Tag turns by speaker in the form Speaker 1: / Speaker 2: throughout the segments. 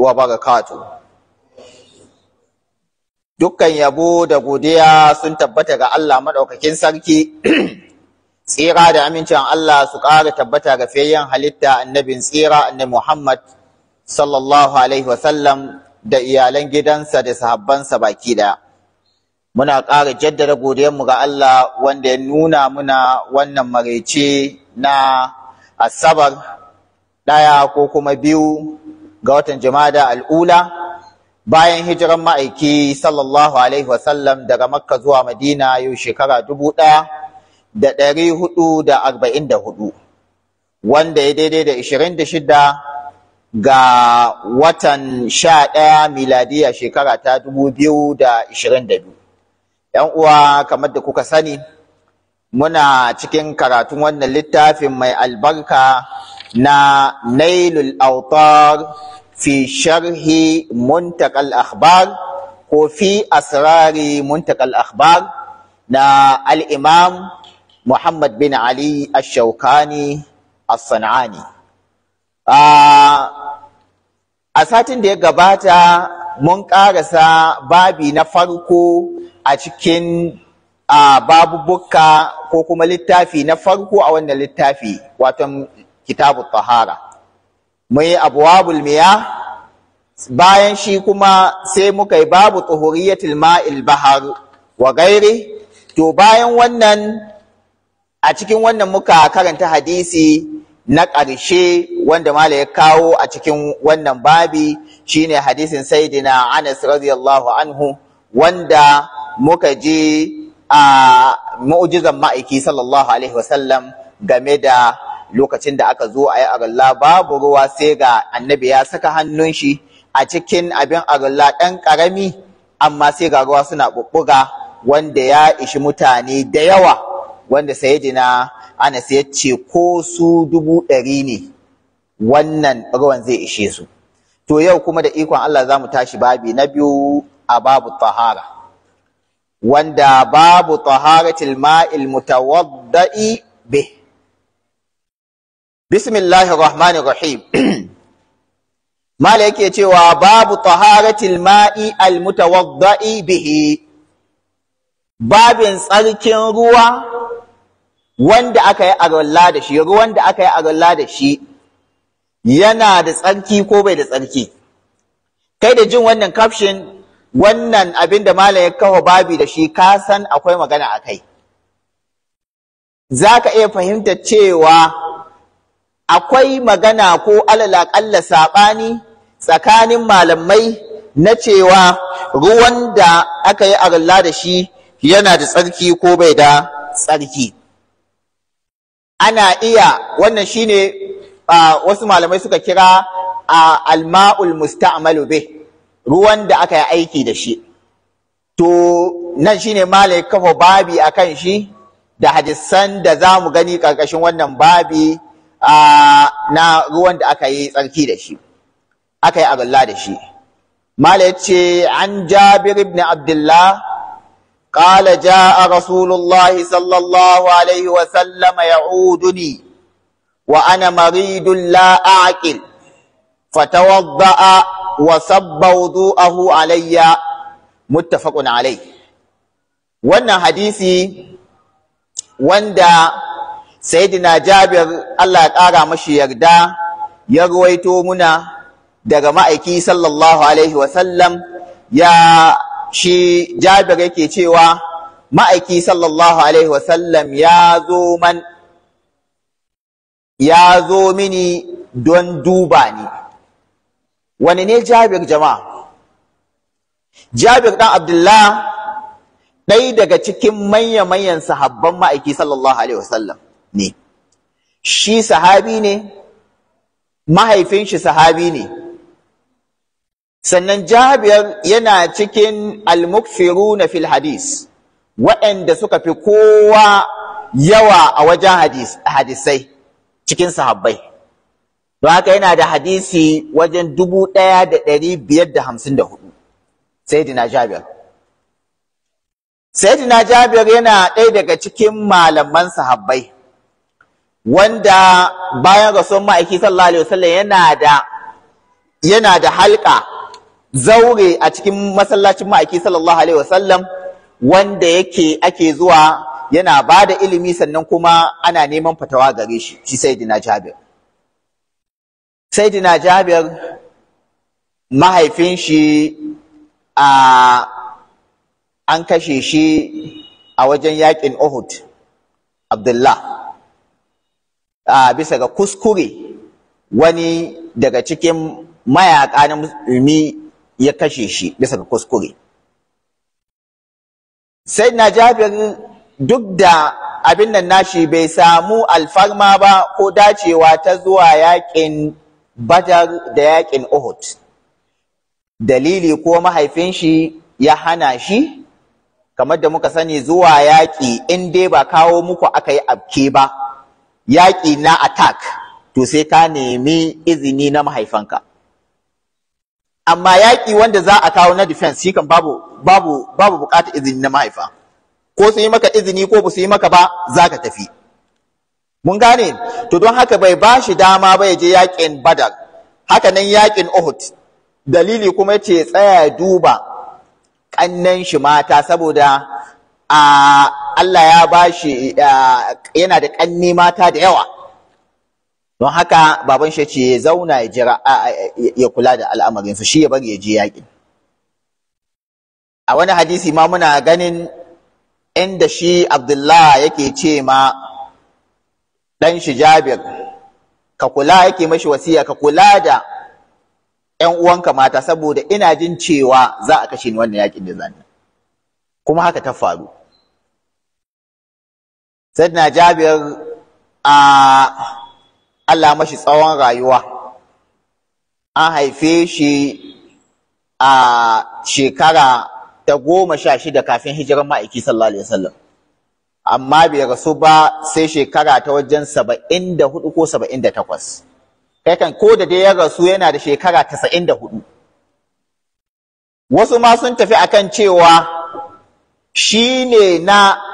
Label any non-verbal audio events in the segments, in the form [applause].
Speaker 1: wa barakatu dukkan yabo da godiya sun tabbata ga Allah maɗaukakin sarki [clears throat] tsira da amincin Allah su ƙara tabbata ga fiyayyen halitta annabin tsira annabi Muhammad sallallahu alaihi wasallam da iyalan gidansa da sahabbansa baki ɗaya. muna ƙara jaddada godiyarmu ga Allah wanda ya nuna muna wannan marece na asabar ɗaya ko kuma biyu ga watan jumada al'ula bayan hijiran ma'aiki sallallahu alaihi wasallam daga makka zuwa madina yau shekara dubu ɗaya da ɗari hudu da arba'in da hudu wanda ya daidai da ishirin da shida ga watan sha ɗaya miladiya shekara ta dubu biyu da ishirin da biyu ‘yan uwa kamar da kuka sani muna cikin karatun wannan littafin mai albarka na nailul autar fi sharhi muntakal akhbar ko fi asrari muntakal akhbar na al'imam muhammad bin ali ash-shaukani as-san'ani a satin da ya gabata mun ƙarasa babi na farko a cikin babu bukka ko kuma littafi na farko a wannan littafi wato kitabu tahara mun yi miya bayan shi kuma sai muka yi babu tuhuriyatul ma'il bahar wa gairi to bayan wannan a cikin wannan muka karanta hadisi na ƙarshe wanda mala ya kawo a cikin wannan babi shine hadisin saidina Anas radiyallahu anhu wanda muka je a mu'jizan ma'aiki sallallahu alaihi wasallam game da lokacin da aka zo a yi agalla babu ruwa sai ga annabi ya saka hannun shi a cikin abin agalla ɗan ƙarami amma sai ga ruwa suna ɓuɓɓuga wanda ya ishi mutane da yawa wanda sayidina anas ya ce ko su dubu ɗari ne wannan ruwan zai ishe su to yau kuma da ikon Allah za mu tashi babi na biyu a babu tahara wanda babu taharatil ma'il mutawadda'i bih Bismillahi rahmanir rahim [clears throat] mala yake cewa babu taharatil ma'i al mutawadda'i bihi babin tsarkin ruwa wanda aka yi arwalla da shi ruwan da aka yi arwalla da shi yana da tsarki ko bai da tsarki kai da jin wannan caption wannan abinda da mala ya kawo babi da shi ka san akwai magana a kai za ka iya fahimta cewa akwai magana ko alalaƙalla saɓani tsakanin malamai na cewa ruwan da aka yi arla da shi yana da tsarki ko bai da tsarki ana iya wannan ne wasu malamai suka kira a alma'ul musta'malu bih ruwan da aka yi aiki da shi to nan shi ne malai kafa babi akan shi da hadisan da za mu gani ƙarƙashin wannan babi na ruwan da aka yi tsarki da shi, aka yi agalla da shi. Mala ya ce, An jabir ibn Abdullah, ƙala ja a Rasulullah sallallahu Alaihi wasallam ya uduni, wa ana maridun la'aƙil, fatawadda'a wa sabba wudu'ahu alayya muttafaqun alai, wannan hadisi wanda sayyidina jabir Allah ya ƙara mashi yarda ya ruwaito muna daga ma'aiki sallallahu alaihi wasallam ya shi jabir yake cewa ma'aiki sallallahu alaihi wasallam ya zo man ya zo mini don duba ni wani ne jabir jama'a jabir dan abdullah ɗaya daga cikin manya-manyan sahabban ma'aiki sallallahu alaihi wasallam ne shi sahabi ne mahaifin shi sahabi ne sannan jabir yana cikin na fil hadis waɗanda suka fi kowa yawa a wajen hadisai cikin sahabbai don haka yana da hadisi wajen dubu ɗaya da ɗari biyar da hamsin da hudu sayyidina jabir sayyidina jabir yana ɗaya daga cikin malaman sahabbai wanda bayan rasuwan ma'aiki sallallahu alaihi wasallam yana da yana da halka zaure a cikin masallacin ma'aiki sallallahu alaihi wasallam wanda yake ake zuwa yana ba da ilimi sannan kuma ana neman fatawa gare shi shi sayyidina Jabir sayyidina Jabir mahaifin shi a an kashe shi a wajen yakin Uhud Abdullah a bisa ga kuskure wani daga cikin mayaka na musulmi ya kashe shi bisa ga kuskure sai na jabir duk da abin nan nashi bai samu alfarma ba ko dacewa ta zuwa yaƙin badar da yaƙin uhud dalili ko mahaifin shi ya hana shi kamar da muka sani zuwa yaƙi in dai ba kawo muku aka yi abke ba yaƙi na attack to sai ka nemi izini na mahaifanka amma yaƙi wanda za a kawo na defense shi kan babu buƙatar izini na mahaifa ko su yi maka izini ko ba su yi maka ba za ka tafi mun gane to don haka bai ba shi dama ba ya je yaƙin badal haka nan yaƙin uhud dalili kuma ce tsaya duba ƙannan shi mata saboda Allah ya bashi yana da ƙanni mata da yawa don haka baban shi ce ya zauna ya jira ya kula da al'amarinsu shi ya bari ya je yaƙi a wani hadisi ma muna ganin inda shi Abdullah yake ce ma ɗan shi Jabir ka kula yake mashi wasiya ka kula da ‘yan uwanka mata saboda ina jin cewa za a kashe ni wannan yaƙin da zan kuma haka ta faru sayyidina jabir a Allah mashi tsawon rayuwa an haife shi a shekara ta goma sha shida kafin hijirar ma'aiki sallallahu alaihi wasallam amma bai rasu ba sai shekara ta wajen saba'in da hudu ko saba'in da takwas kai ko da dai ya rasu yana da shekara tasa'in da hudu wasu ma sun tafi akan cewa shi ne na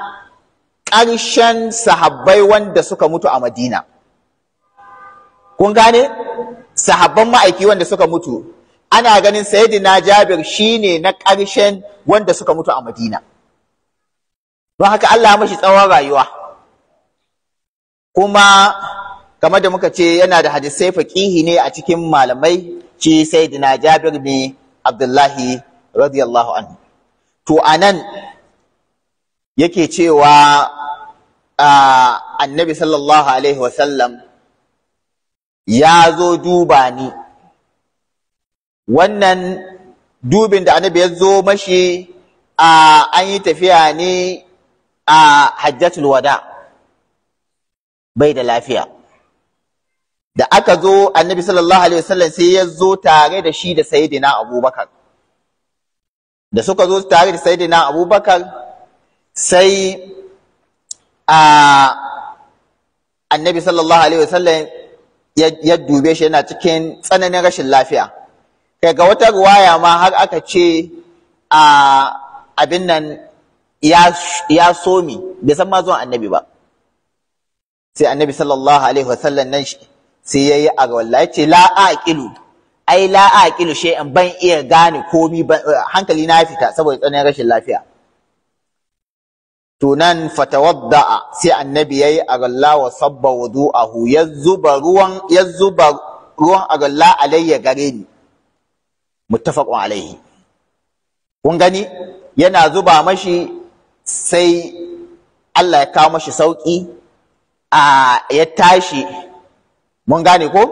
Speaker 1: ƙarshen sahabbai wanda suka mutu a Madina. Kun gane? Sahabban ma'aiki wanda suka mutu, ana ganin Saidina Jabir shine na ƙarshen wanda suka mutu a Madina. Don haka Allah mashi tsawon rayuwa. Kuma kamar da muka ce yana da hadisai faƙihi ne a cikin malamai ce Saidina Jabir ne Abdullahi radiyallahu anhu. To anan yake cewa annabi sallallahu alaihi wasallam ya zo duba ni wannan dubin da annabi ya zo mashi a an yi tafiya ne a hajjatul wada bai da lafiya da aka zo annabi sallallahu alaihi wasallam sai ya zo tare da shi da sayyidina abubakar da suka zo tare da sayyidina abubakar sai annabi sallallahu alaihi wasallam ya dube shi yana cikin tsananin rashin lafiya kai ga wata ruwaya ma har aka ce a abin nan ya somi bai san ma zuwan annabi ba sai annabi sallallahu alaihi wasallam nan sai ya yi agawalla ya ce la aqilu ai la shi shay'an ban iya gane komi hankali na fita saboda tsananin rashin lafiya Tunan nan fatawadda sai annabi yayi agalla wa sabba wudu'ahu yazzuba ruwan yazzuba ruwan agalla alayya gare ni muttafaqun alayhi. kun gani yana zuba mashi sai Allah ya kawo mashi sauki a ya tashi mun gane ko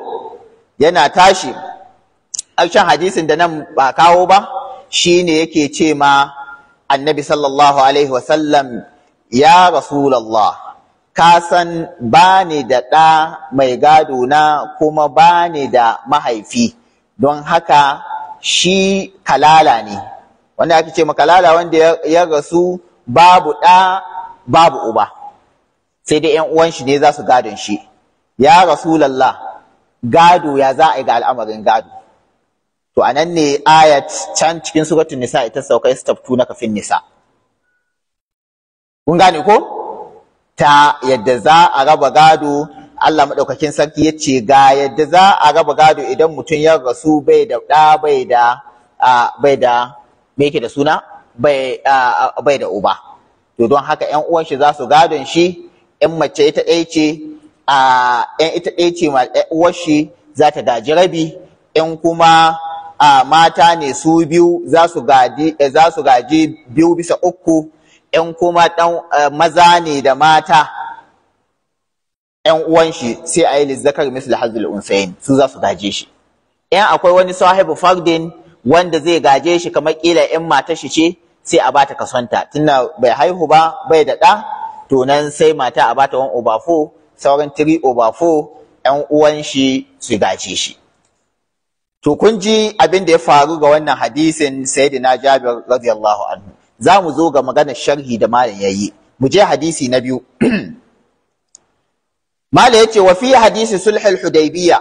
Speaker 1: yana tashi akshan hadisin da nan ba kawo ba shine yake ce ma annabi sallallahu alaihi wa sallam. ya rasulallah ka san ba ni da ɗa mai gado na kuma ba ni da mahaifi don haka shi kalala ne wanda ake ce makalala wanda ya rasu babu ɗa babu uba sai dai ‘yan uwan shi ne za su gadon shi ya rasulallah gado ya za a yi ga al'amarin gado to a nan ne ayat can cikin suratul nisa ita sauka istaftu na kafin nisa' kun gane ko ta yadda za a raba gado Allah maɗaukakin sarki ya ce ga yadda za a raba gado idan mutum ya rasu bai da ɗa bai da bai da me yake da suna bai da uba to don haka ƴan uwan shi za su gadon shi ƴan mace ita ɗaya ce ƴan ita ɗaya ce ma uwar shi za ta gaji rabi ƴan kuma mata ne su biyu za su gaji biyu bisa uku yan kuma ɗan eh, maza ne da mata ‘yan uwan shi sai a yi lizzakar da hazil unsayin su za su gaje shi ‘Yan akwai wani sahibu fardin wanda zai gaje shi kamar ƙila 'yan matar shi ce sai a bata kasonta tunda bai haihu ba bai da ɗa to sai mata a bata wani over four, sauran three over four. ‘yan uwan shi su gaje shi to kun ji abin da ya faru ga wannan hadisin sayyidina jabir radiyallahu anhu za mu zo ga maganar sharhi da malam yayi mu je hadisi na biyu [clears throat] malam yace wa fi hadisi sulhul hudaybiyya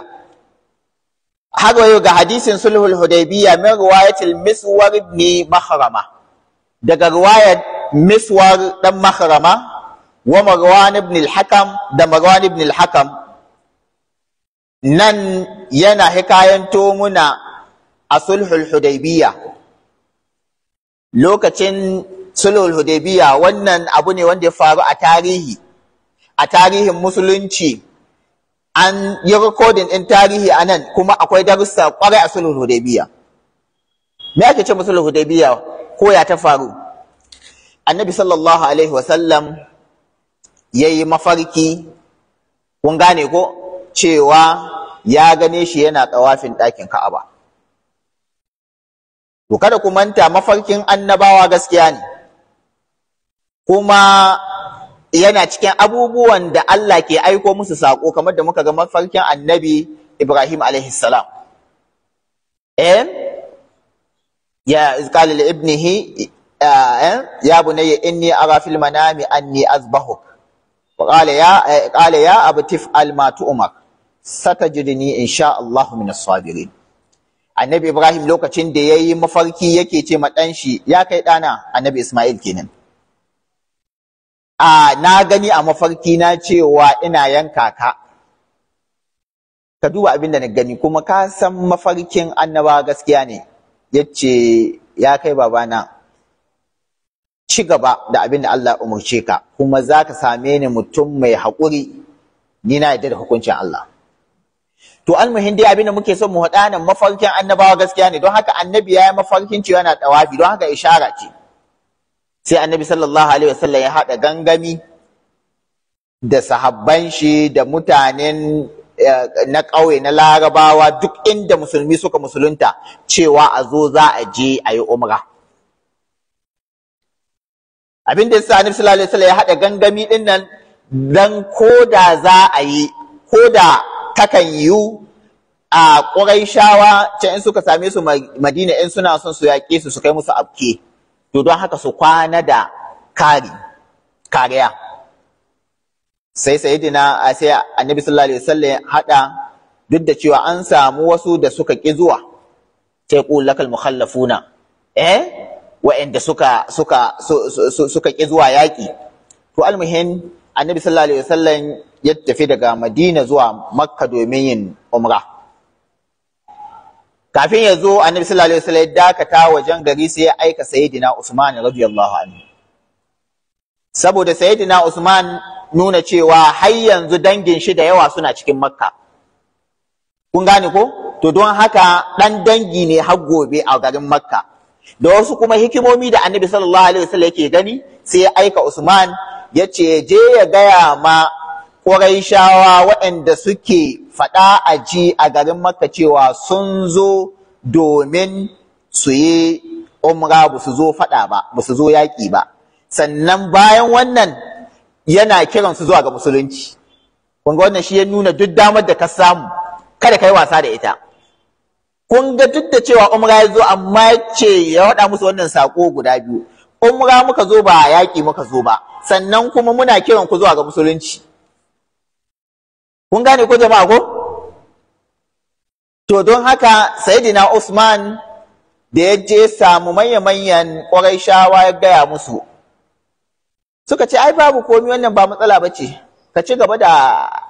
Speaker 1: har wayo ga hadisin sulhul hudaybiyya min riwayatil miswar ibn mahrama daga riwayat miswar dan mahrama wa marwan ibn al-hakam da marwan ibn al-hakam nan yana hikayanto muna a sulhul hudaybiyya lokacin sulhul hudaybiya wannan abu ne wanda ya faru a tarihi a tarihin musulunci an yi rikodin ɗin tarihi a nan kuma akwai darussa kwarai a sulhul hudaybiya me ake ce sulhul hudaybiya ko ya ta faru annabi sallallahu alaihi wasallam ya yi mafarki kun gane ko cewa ya gane shi yana tsawafin ɗakin ka'aba to kada ku manta mafarkin annabawa gaskiya ne kuma yana cikin abubuwan da Allah ke aiko musu sako kamar da muka ga mafarkin annabi Ibrahim alaihi salam eh ya qala li ibnihi ya bunayya inni ara fil manami anni azbahu qala ya abu Tif, abtif al ma tu'mar satajidni insha Allah min sabirin annabi Ibrahim lokacin da ya yi mafarki yake ce ma ɗan shi ya kai ɗana annabi Ismail kenan. A na gani a mafarki na cewa ina yanka ka. Ka duba abin da na gani kuma ka san mafarkin annaba gaskiya ne. Yace ya kai babana ci gaba da abin da Allah umarce ka kuma za ka same ni mutum mai haƙuri ni na yarda da hukuncin Allah. to almuhin dai abin da muke son mu haɗa nan mafarkin annabawa gaskiya ne don haka annabi ya yi mafarkin cewa na tawafi, don haka ishara ce sai annabi sallallahu alaihi wasallam ya haɗa gangami da sahabban shi da mutanen eh, na ƙauye na larabawa duk inda musulmi suka musulunta cewa a zo za a je a yi umra abin da yasa annabi sallallahu alaihi wasallam ya haɗa gangami ɗin nan dan koda za a yi koda takan yiwu a ƙuraishawa can in suka same su madina in suna son su yaƙe su su kai musu abke to don haka su kwana da kari kariya sai sayyidina sai annabi sallallahu alaihi wasallam hada duk da cewa an samu wasu da suka ƙi zuwa sai lakal mukhallafuna eh wa'anda suka suka suka ƙi zuwa yaƙi to almuhim annabi sallallahu alaihi wasallam ya tafi daga Madina zuwa Makka domin yin umra. Kafin ya zo Annabi sallallahu alaihi ya dakata wajen gari sai ya aika Sayyidina Usman radiyallahu anhu. Saboda Sayyidina Usman nuna cewa har yanzu dangin shi da yawa suna cikin Makka. Kun gane ko? To don haka ɗan dangi ne har gobe a garin Makka. da wasu kuma hikimomi da annabi sallallahu alaihi wasallam yake gani sai ya aika Usman ya ce je ya gaya ma shawa waɗanda suke faɗa a ji a garin maka cewa sun zo domin su yi umra ba su zo faɗa ba, ba su zo yaƙi ba. Sannan bayan wannan yana kiransu zuwa ga musulunci. Kunga wannan shi ya nuna duk damar da ka samu, kada ka yi wasa da ita. Kunga duk da cewa umra ya zo amma ya ce ya waɗa musu wannan saƙo guda biyu. Umra muka zo ba yaƙi muka zo ba, sannan kuma muna kiran ku zuwa ga musulunci. kun gane ko jama'a ko to don haka sayyidina Usman da ya je samu manya-manyan shawa ya gaya musu suka ce ai babu komi wannan ba matsala ba ce ka ci gaba da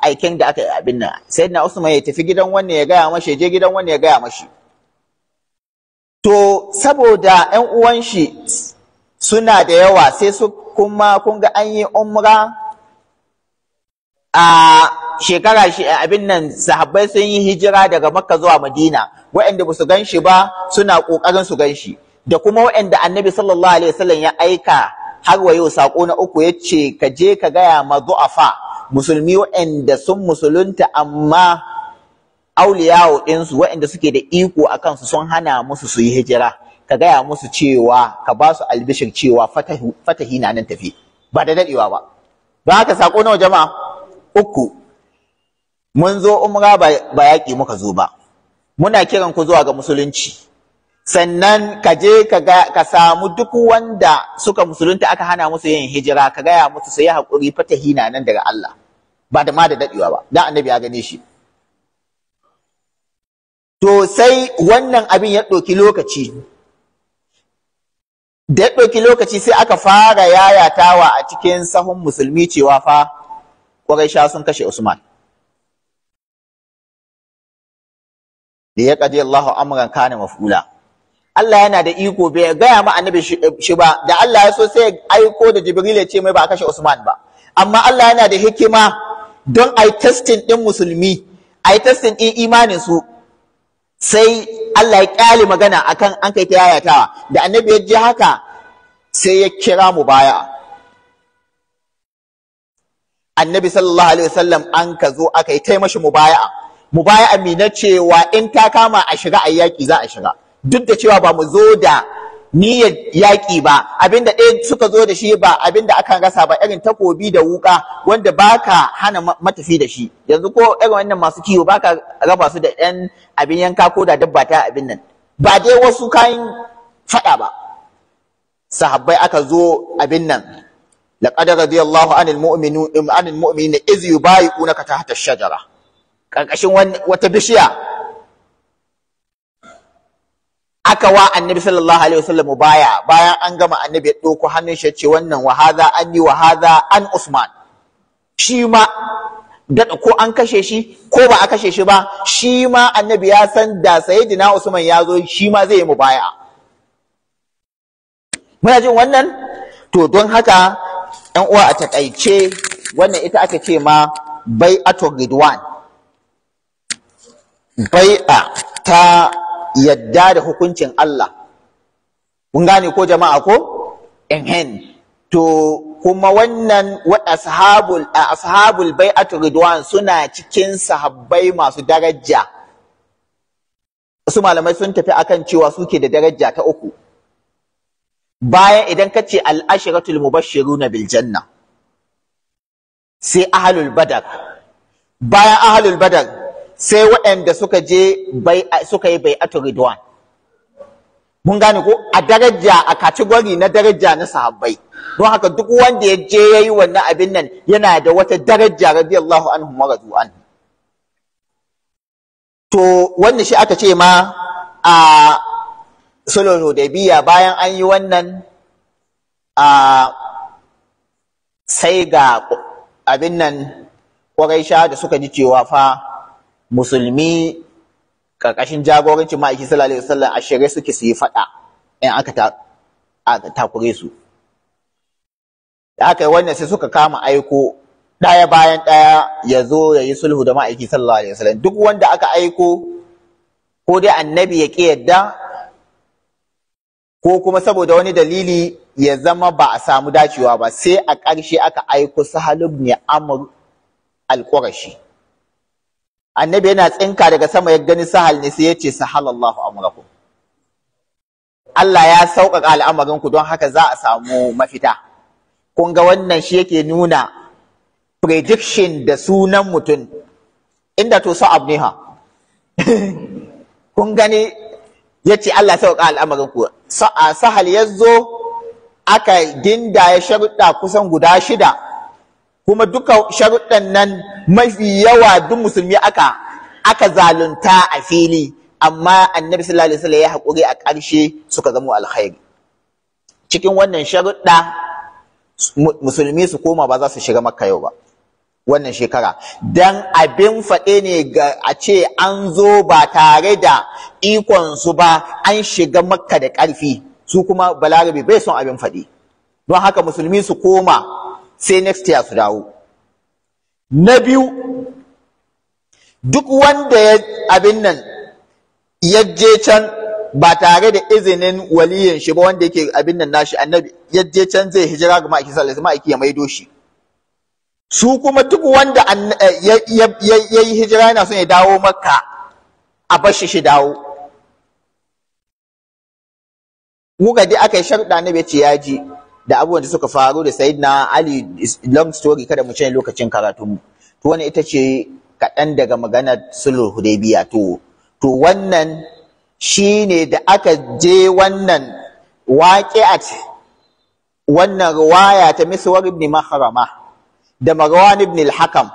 Speaker 1: aikin da aka yi abin nan Sayyidina Usman ya tafi gidan wannan ya gaya mashi ya je gidan wannan ya gaya mashi to saboda 'yan uwan shi suna da yawa sai su kuma kun ga an yi umra a shekara shi eh, abin nan sahabbai sun yi hijira daga makka zuwa madina wa'anda ba su gan shi ba suna ƙoƙarin su gan shi da kuma wa'anda annabi sallallahu alaihi wasallam ya aika har wa yau sako na uku ya ce ka je ka gaya ma du'afa musulmi wa'anda sun musulunta amma auliyawo ɗinsu wa'anda suke da iko a kansu sun hana musu su yi hijira ka gaya musu cewa ka ba su albishir cewa fatahi na nan tafi ba da daɗewa ba Ba haka sako nawa jama'a uku mun zo umra ba yaƙi muka zo ba muna kiran ku zuwa ga musulunci sannan ka je ka samu duk wanda suka musulunta aka hana musu yin hijira ka gaya musu sai haƙuri fata hina nan daga Allah ba da ma da daɗewa ba da annabi ya gane shi to sai wannan abin ya ɗauki lokaci da ya ɗauki lokaci sai aka fara yayatawa a cikin sahun musulmi cewa fa ƙwarai sha sun kashe Usman. da ya kadi Allahu amran kana maf'ula Allah yana da iko bai gaya ma annabi shi ba da Allah ya so sai aiko da Jibril ya ce mai ba a kashe Usman ba amma Allah yana da hikima don ai testing ɗin musulmi ai testing din imanin su sai Allah ya kyale magana akan an kai ta yayatawa da annabi ya ji haka sai ya kira mu baya annabi sallallahu alaihi wasallam an ka zo aka yi taimashi mashi mubaya'a Mu baya amina cewa in ta kama a shiga a yaƙi za a shiga duk da cewa ba mu zo da niyyar yaƙi ba abinda ɗaya suka zo da shi ba abinda aka rasa ba irin takobi da wuƙa wanda baka hana matafi da shi yanzu ko irin wannan masu kiwo baka raba su da ɗan abin yanka ko da dabba ta abin nan ba dai wasu kayan faɗa ba sahabbai aka zo abin nan laqad radiyallahu anil mu'minina iz yubayi'unaka tahta ash-shajara ƙarƙashin wata bishiya aka wa annabi sallallahu alaihi wasallam baya bayan an gama annabi ya ɗauko hannun shi ce wannan wa hadha anni wa hadha an usman shi ma daɗa ko an kashe shi ko ba a kashe shi ba shi ma annabi ya san da sayyidina usman ya zo shi ma zai yi mu baya muna jin wannan to don haka 'yan uwa a taƙaice wannan ita aka ce ma bai'atul ridwan bai'a ta yadda da hukuncin Allah kun gane ko jama'a ko Inhen. to kuma wannan wa ashabul bai'atu ridwan suna cikin sahabbai masu daraja su malamai sun tafi akan cewa suke da daraja ta uku bayan idan ka ce al'ashiratul mubashiru na biljanna. sai ahalul badar bayan ahlul badar sai waɗanda suka je suka yi bai'atu ridwan mun gane ko a daraja a kategori na daraja na sahabbai don haka duk wanda ya je yayi wannan abin nan yana da wata daraja radiyallahu anhu wa radu to wanda shi aka ce ma a sulhul hudaybiya bayan an yi wannan a sai ga abin nan ƙwarai da suka ji cewa fa musulmi ƙarƙashin jagorancin ma'aikin sallallahu alaihi wasallam a shirye suke su yi faɗa in aka takure su da haka wannan sai suka kama aiko ɗaya bayan ɗaya ya zo ya yi sulhu da ma'aiki sallallahu alaihi wasallam duk wanda aka aiko ko dai annabi ya ƙi yadda ko kuma saboda wani dalili ya zama ba a samu dacewa ba sai a ƙarshe aka aiko su ne amur alƙwarashi. annabi yana tsinka daga sama ya gani sahal ne sai ya ce sahalallahu amrakum Allah ya sauƙaƙa al'amarin ku don haka za a samu mafita kun ga wannan shi yake nuna prediction da sunan mutum inda to so ha [laughs] kun gani ya ce Allah sauƙa al'amarin ku sahal ya zo aka ya sharuɗa kusan guda shida kuma duka sharuɗan nan mafi yawa duk musulmi aka aka zalunta a fili amma annabi sallallahu alaihi wasallam ya haƙuri a ƙarshe suka zama alkhairi cikin wannan sharuɗa musulmi su koma ba za su shiga makka yau ba wannan shekara dan abin faɗe ne ga a ce an zo ba tare da ikon su ba an shiga makka da ƙarfi su kuma balarabe bai son abin faɗi don haka musulmi su koma sai next year su dawo na biyu duk wanda ya abin nan ya je can ba tare da izinin waliyin shi ba wanda yake abin nan nashi annabi ya can zai hijira ga ma'aiki sallallahu ma'aiki ya maido shi su kuma duk wanda eh, ya yi hijira yana son ya dawo makka a bashi shi dawo kuka dai aka yi sharɗa na bai ce ya je da abubuwan da suka faru da Sayyidina Ali long story kada mu cin lokacin karatun mu to wannan ita ce kaɗan daga maganar sulhul hudaybiya to to wannan shine da aka je wannan waqi'at wannan riwaya ta Miswar ibn Mahrama da Marwan ibn al-Hakam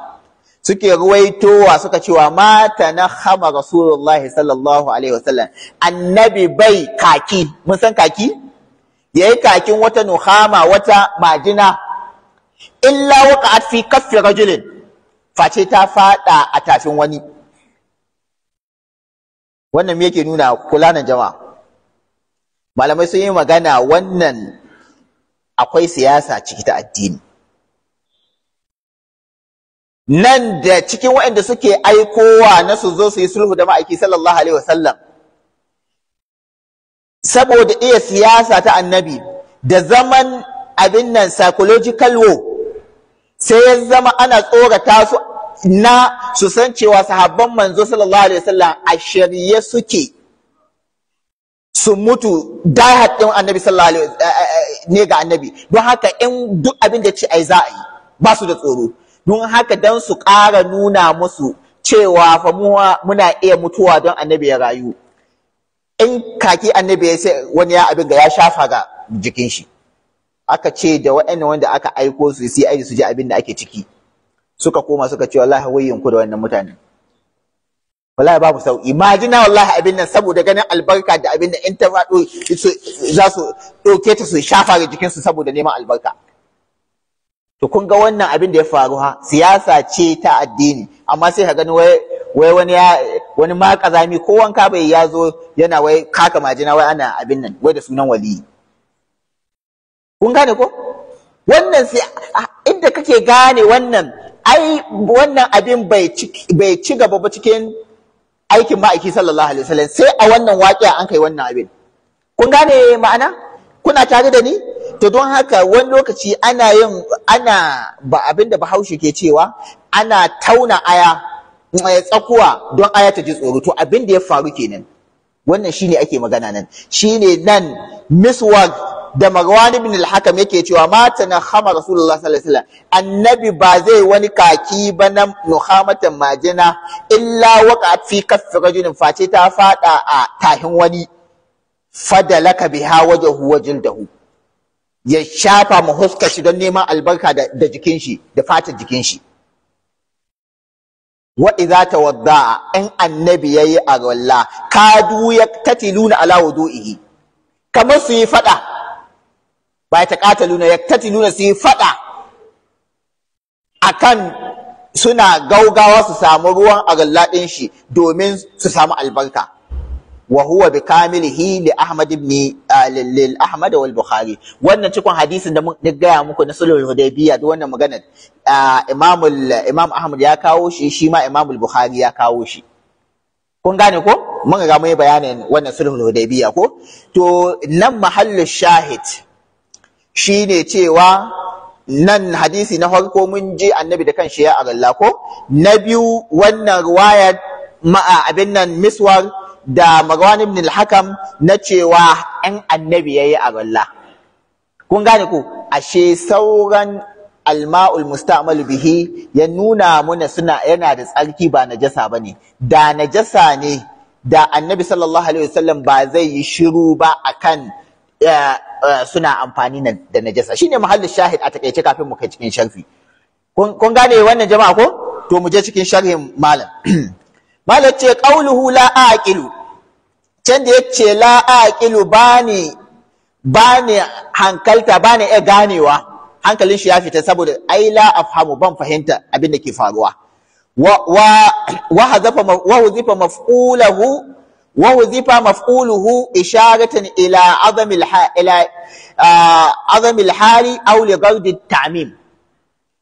Speaker 1: suke ruwaitowa suka cewa mata na hama Rasulullahi sallallahu alaihi wasallam annabi bai kaki mun san kaki ya yi kakin wata nuhama wata majina illa waka fi kaffi rajulin face ta fada a tafin wani wannan me yake nuna kula na jama'a malamai sun yi magana wannan akwai siyasa ciki ta addini nan da cikin waɗanda suke aikowa na su zo su yi sulhu da ma'aiki sallallahu alaihi wasallam saboda iya siyasa ta annabi da zaman abin nan psychological wo, sai ya zama ana tsorata su na su san cewa sahabban manzo sallallahu alaihi wasallam a shirye suke su mutu dahat din annabi sallallahu alaihi eh, eh, eh, ne ga annabi don haka in duk abin da ce ai za a yi ba su da tsoro don haka dan su ƙara nuna musu cewa fa muna iya mutuwa don annabi ya rayu in kaki annabi ya sai wani ya abin ga ya shafa ga jikin shi aka ce da waɗannan wanda aka aiko su sai aiki su ji abin da ake ciki suka koma suka ce wallahi wayin ku da wannan mutane wallahi babu sau Majina wallahi abin nan saboda ganin albarka da abin da in ta fado za su ɗauke ta su shafa ga jikin su saboda neman albarka to kun ga wannan abin da ya faru ha siyasa ce ta addini amma sai ka gani wai wai wani ya wani ma kazami ko wanka bai ya zo yana wai kaka majina wai ana abin nan wai da sunan wali kun gane ko wannan sai inda kake gane wannan ai wannan abin bai ci gaba ba cikin aikin ma'aiki sallallahu alaihi wasallam sai a wannan waƙiya an kai wannan abin kun gane ma'ana kuna tare da ni to don haka wani lokaci ana yin ana ba abin bahaushe ke cewa ana tauna aya Eh, tsakuwa don aya ta ji tsoro to abin da ya faru kenan wannan shine ake magana nan shine nan miswag da marwan ibn al-hakam yake cewa mata na hama rasulullah sallallahu alaihi wasallam annabi ba zai wani kaki ba na nuhamatan majina illa waka fi kaffi rajulin face ta fada a tahin wani fadalaka biha wajhu wajildahu ya shafa ma don neman albarka da jikin shi da fatar jikin shi wa idza tawadda'a in annabi yayi arwalla kadu yaktatiluna ala wudu'ihi kamar su yi fada ba ta kataluna yaktatiluna su yi fada akan suna gaugawa su samu ruwan arwalla din shi domin su samu albarka wa huwa bi kamilihi li Ahmad ibn lil Ahmad wal Bukhari wannan cikon hadisin da na gaya muku na sulhul hudaybiyya da wannan maganar Imam Ahmad ya kawo shi shi ma Imam Bukhari ya kawo shi kun gane ko mun ga mai bayanin wannan sulhul hudaybiyya ko to nan mahallu shahid shine cewa nan hadisi na farko mun je annabi da kanshi ya aralla ko na biyu wannan riwayar ma'a abin nan miswar da Marwan ibn al-Hakam na cewa ɗan annabi yayi arwalla kun gane ku ashe sauran alma'ul musta'mal bihi ya nuna muna suna yana da tsarki ba najasa ne. da najasa ne da annabi sallallahu alaihi wasallam ba zai yi shiru ba akan suna amfani da najasa shine muhallin shahid a takaice kafin mu kai cikin sharfi kun gane wannan jama'a ko to mu je cikin sharhin malam [clears throat] malam ce qauluhu la can da yace la aqilu bani bani hankalta bani iya ganewa hankalin shi ya fita saboda ai la afhamu ban fahimta abin da ke faruwa wa wa wa wa maf'uluhu isharatan ila azamil ila azamil hali aw li ghadd tamim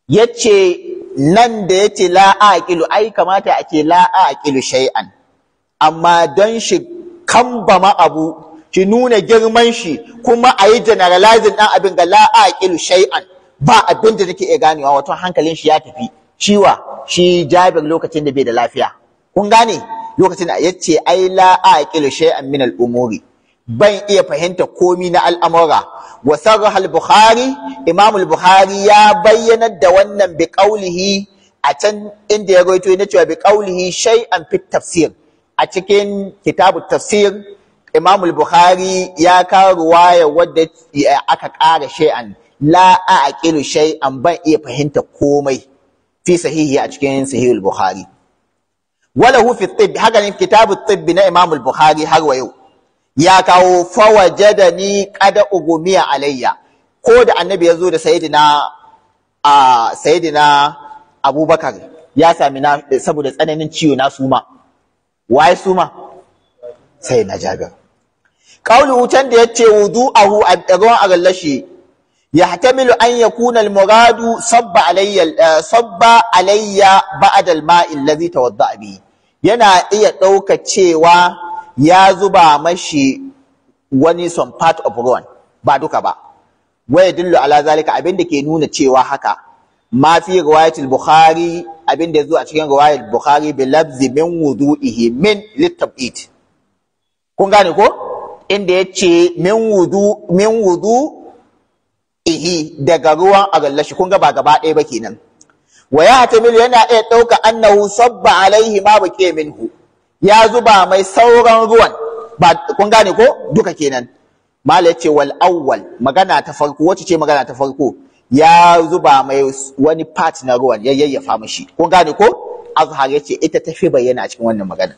Speaker 1: yace nan da ya ce la'aƙilu ai kamata a ce la'aƙilu shai'an. amma don shi kambama ma'abu, ki nuna girman shi kuma a yi generalizing ɗan abin ga la'aƙilu shai'an, ba abin da nake iya ganewa wato hankalin shi ya tafi ciwa shi jabir lokacin da bai da lafiya kun gane lokacin da ya ce ai la'aƙilu shai'an min al'umuri ban iya fahimta komi na al'amura wa sarraha al-bukhari imam al-bukhari ya bayyanar da wannan bi a can inda ya rawaito na cewa bi shai an fi tafsir a cikin kitabu tafsir imam al-bukhari ya kawo ruwaya wadda aka ƙara shai'an la aqilu shay'an ban iya fahimta komai fi sahihi a cikin sahih bukhari wala hu fi haka ne kitabu tibb na imam al-bukhari har wa yau ya kawo fawaje da ni kada ugumiya alayya ko da annabi ya zo da sayidina a sayidina abubakar ya sami na saboda tsananin ciwo na suma waye suma sai na jaga kauli wutan da yace wudu'ahu addagon agallashi yahtamilu an yakuna almuradu sabba alayya eh, sabba alayya ba'da alma'i alladhi tawadda'a bi yana iya dauka cewa ya zuba mashi wani some part of ruwan ba duka ba wa yadullu ala zalika da ke nuna cewa haka ma fi riwayatul bukhari abin yazo a cikin riwayatul bukhari bi labzi min wudu'ihi min litabit kun gane ko inda yace min wudu min wudu ihi daga ruwan agallashi kun ga ba gaba ɗaya ba kenan wa ya tamil yana iya ɗauka annahu sabba alaihi ma bake minhu ya zuba mai sauran ruwan ba kun gane ko duka kenan mala yace wal awwal magana ta farko wacce ce magana ta farko ya zuba mai wani part na ruwan ya yayyafa mishi kun gane ko azhar yace ita tafi bayyana cikin wannan magana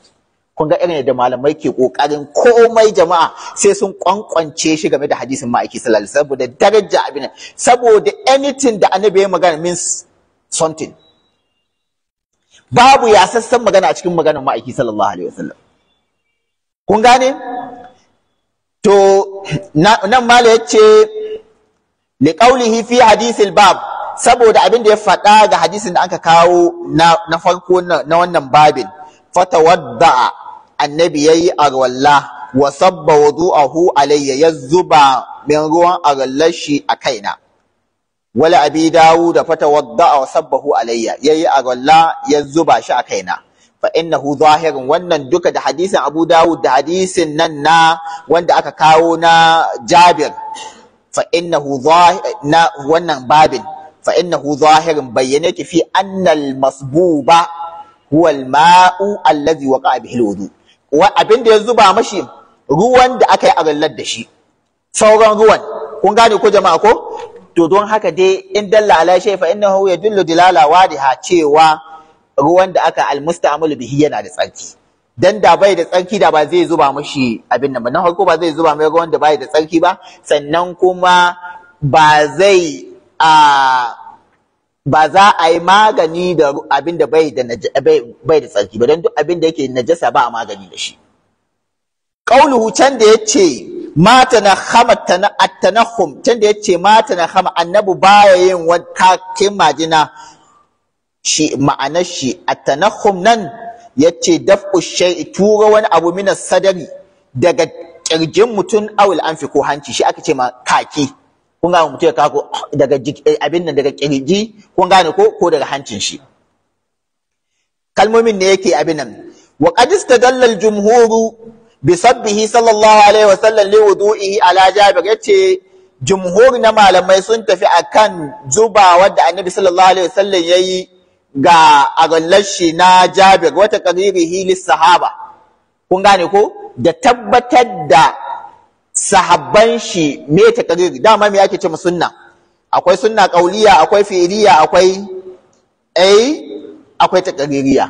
Speaker 1: kun ga irin da malamai ke kokarin komai jama'a sai sun kwankwance shi game da hadisin ma'aiki sallallahu alaihi wasallam saboda daraja abin saboda anything da annabi ya magana means something babu yasassan magana a cikin maganar ma'aiki sallallahu alaihi wasallam kun gane to nan mala yace li qawlihi fi hadithil bab saboda abin da ya faɗa ga hadisin da aka kawo na na farko na wannan babin fatawadda annabi yayi arwalla wa sabba wudu'ahu alayya zuba min ruwan arallar shi a kaina wala abi dawu da fata wadda'a wa sabbahu alayya yayi agalla ya zuba shi a kaina fa innahu zahirin wannan duka da hadisin abu dawud da hadisin nan na wanda aka kawo na jabir fa innahu na wannan babin fa innahu zahirin bayyana ki fi annal masbuba huwa al-ma'u allazi waqa'a bihi al wa abin da ya zuba mashi ruwan da aka yi agallar da shi sauran ruwan kun gane ko jama'a ko to don haka dai in dalla ala shay fa innahu yadullu dilala wadiha cewa ruwan da aka almusta'mal bihi yana da tsarki dan da bai da tsarki da ba zai zuba mashi abin nan ba na farko ba zai zuba mai ruwan da bai da tsarki ba sannan kuma ba zai a ba za a yi magani da abin da bai da bai da tsarki ba don duk abin da yake najasa ba a magani da shi qauluhu can da yace ma tanakhama at-tanakhum can da mata na hama annabu baya yin wata majina shi ma'anar shi at nan ya ce daf'u shay'i tura wani abu min sadari daga kirjin mutum an fi ko hanci shi aka ce ma kaki kun gane mutum ya kako daga eh, abin nan daga kirji kun gane ko ko daga hancin shi kalmomin ne yake abin nan wa qad istadalla al-jumhuru bisabbihi sallallahu alaihi sallam li wudu'ihi ala jabir yace jumhur na malamai sun tafi akan zuba wadda annabi sallallahu alaihi sallam yayi ga agallashi na jabir wata qaririhi lis sahaba kun gane ko da tabbatar da sahabban shi me ta da dama me ake ce sunna akwai sunna qauliya akwai fi'liya akwai ai eh, akwai ta qaririya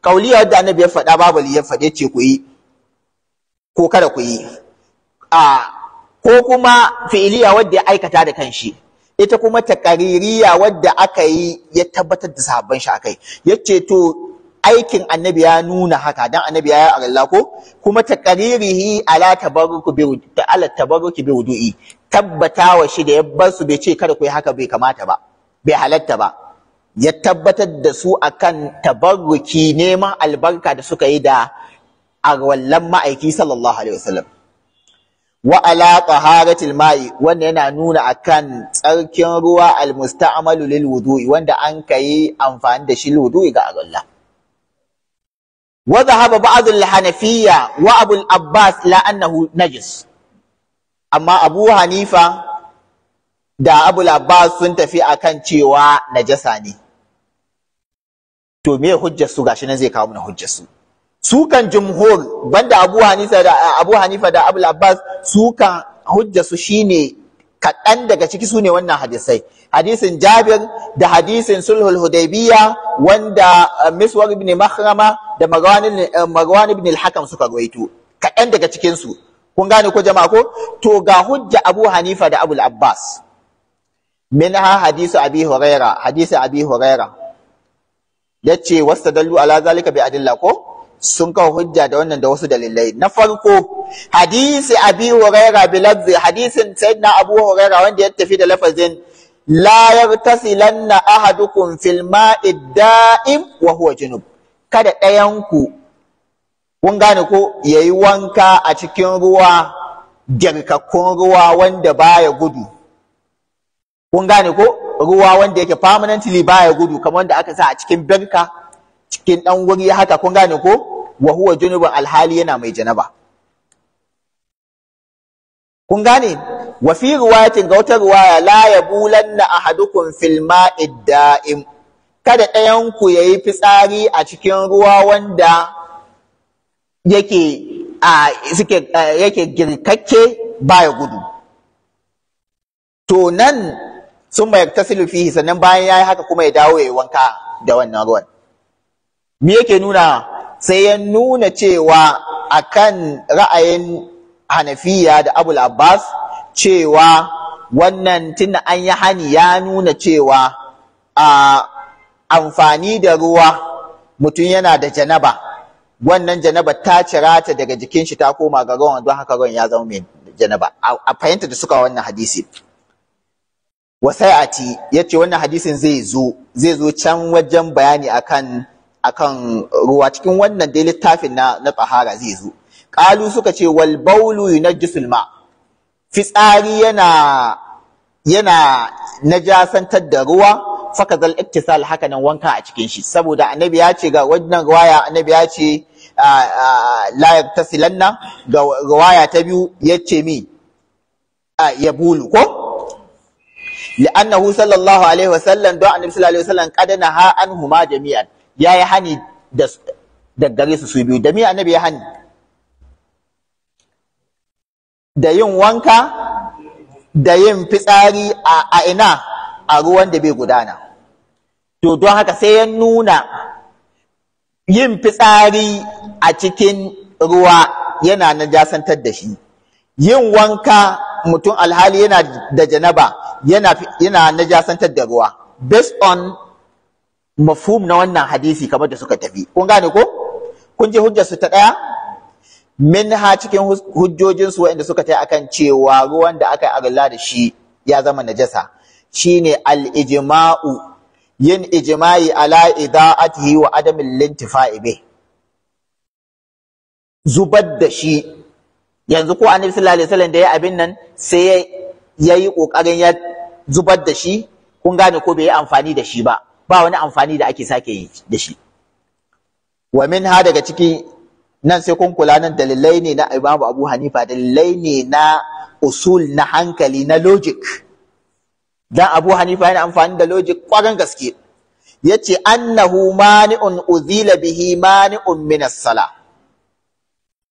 Speaker 1: qauliya wadda annabi ya faɗa babu ya faɗe ce ku yi ko kada ku yi a ko kuma fi'iliya wadda ya aikata da kanshi ita kuma takaririya wadda aka yi ya tabbatar da sahabban shi akai yace to aikin annabi ya nuna haka dan annabi ya yi Allah ko kuma taqaririhi ala tabarruku bi ala tabarruki bi wudu'i tabbatawa shi da ya bar su bai ce kada ku yi haka bai kamata ba bai halatta ba ya tabbatar da su akan tabarruki neman albarka da suka yi da a wallan ma'aiki sallallahu alaihi wasallam wa ala taharatil ma'i wannan yana nuna akan tsarkin ruwa almusta'malu lil wudu'i wanda an kai amfani da shi lil wudu'i ga alwalla wa dhahaba ba'd al hanafiyya wa abu abbas la annahu najis amma abu hanifa da abu abbas sun tafi akan cewa najasa ne to me hujjar su gashi nan zai kawo mana hujjar su sukan jumhur banda abu hanifa da abu hanifa da abul abbas sukan hujja su shine kaɗan daga ciki su ne wannan hadisai hadisin jabir da hadisin sulhul hudaybiya wanda eh, miswar ibn mahrama da eh, marwan ibn al-hakam suka gwaito kaɗan daga cikin su kun gane ko jama'a ko to ga hujja abu hanifa da abul abbas minha hadisu abi huraira hadisi abi huraira yace wastadallu ala zalika bi adilla ko sun kawo hujja da wannan da wasu dalilai na farko hadisi abi huraira bi hadisin sayyidina abu huraira wanda ya tafi da lafazin la yartasilanna ahadukum fil ma'i da'im wa huwa junub kada ɗayan ku kun gane ko yayi wanka a cikin ruwa girkakkun ruwa wanda baya gudu kun gane ko ruwa wanda yake permanently baya gudu kamar wanda aka sa a cikin birka cikin ɗan wuri haka kun gane ko wa huwa alhali yana mai janaba kun gane wa fi riwayatin ga wata riwaya la yabulanna ahadukum fil ma'i da'im kada ɗayan ku yayi fitsari a cikin ruwa wanda yake a suke yake girkakke baya gudu to nan sun mayar tasilu fihi sannan bayan yayi haka kuma ya dawo ya yi wanka da wannan ruwan me yake nuna sai ya nuna cewa akan ra'ayin hanafiya da abul abbas cewa wannan tun an yi hani ya nuna cewa a amfani da ruwa mutum yana da janaba wannan janaba ta cirata daga jikin shi ta koma ga ruwan don haka ruwan ya zama mai janaba a fahimta da suka wannan hadisi ya ce wannan hadisin zai zo zai zo can wajen bayani akan akan ruwa cikin wannan dai littafin na na tsahara zai zo qalu suka ce wal baulu yunajjisul ma fitsari yana yana najasantar da ruwa faka zal ittisal haka nan wanka a cikin shi saboda annabi ya ce ga wannan riwaya annabi ya ce la yatasilanna ga riwaya ta biyu yace mi ya bulu ko li'annahu sallallahu alaihi wasallam don annabi sallallahu alaihi wasallam qadana ha anhuma jami'an ya yi hani da gare su su biyu da miya annabi ya hani da yin wanka da yin fitsari a ina a ruwan da bai gudana to don haka sai ya nuna yin fitsari a cikin ruwa yana na jasantar da shi yin wanka mutum alhali yana da janaba yana na najasantar da ruwa based on mafhum na wannan hadisi kamar da suka tafi kun gane ko kun ji hujjar su ta daya minha cikin hujjojin su wanda suka tai akan cewa ruwan da aka yi da shi ya zama najasa shine al ijma'u yin ijma'i ala ida'atihi wa al intifa'i be zubar da shi yanzu ko annabi sallallahu alaihi wasallam da ya abin nan sai yayi kokarin ya zubar da shi kun gane ko bai yi amfani da shi ba ba wani amfani da ake sake yi da shi wa min ha daga ciki nan sai kun kula nan dalilai ne na Imam Abu Hanifa dalilai ne na usul na hankali na logic dan Abu Hanifa yana amfani da logic kwarin gaske yace annahu mani'un uzila bihi mani'un min as-sala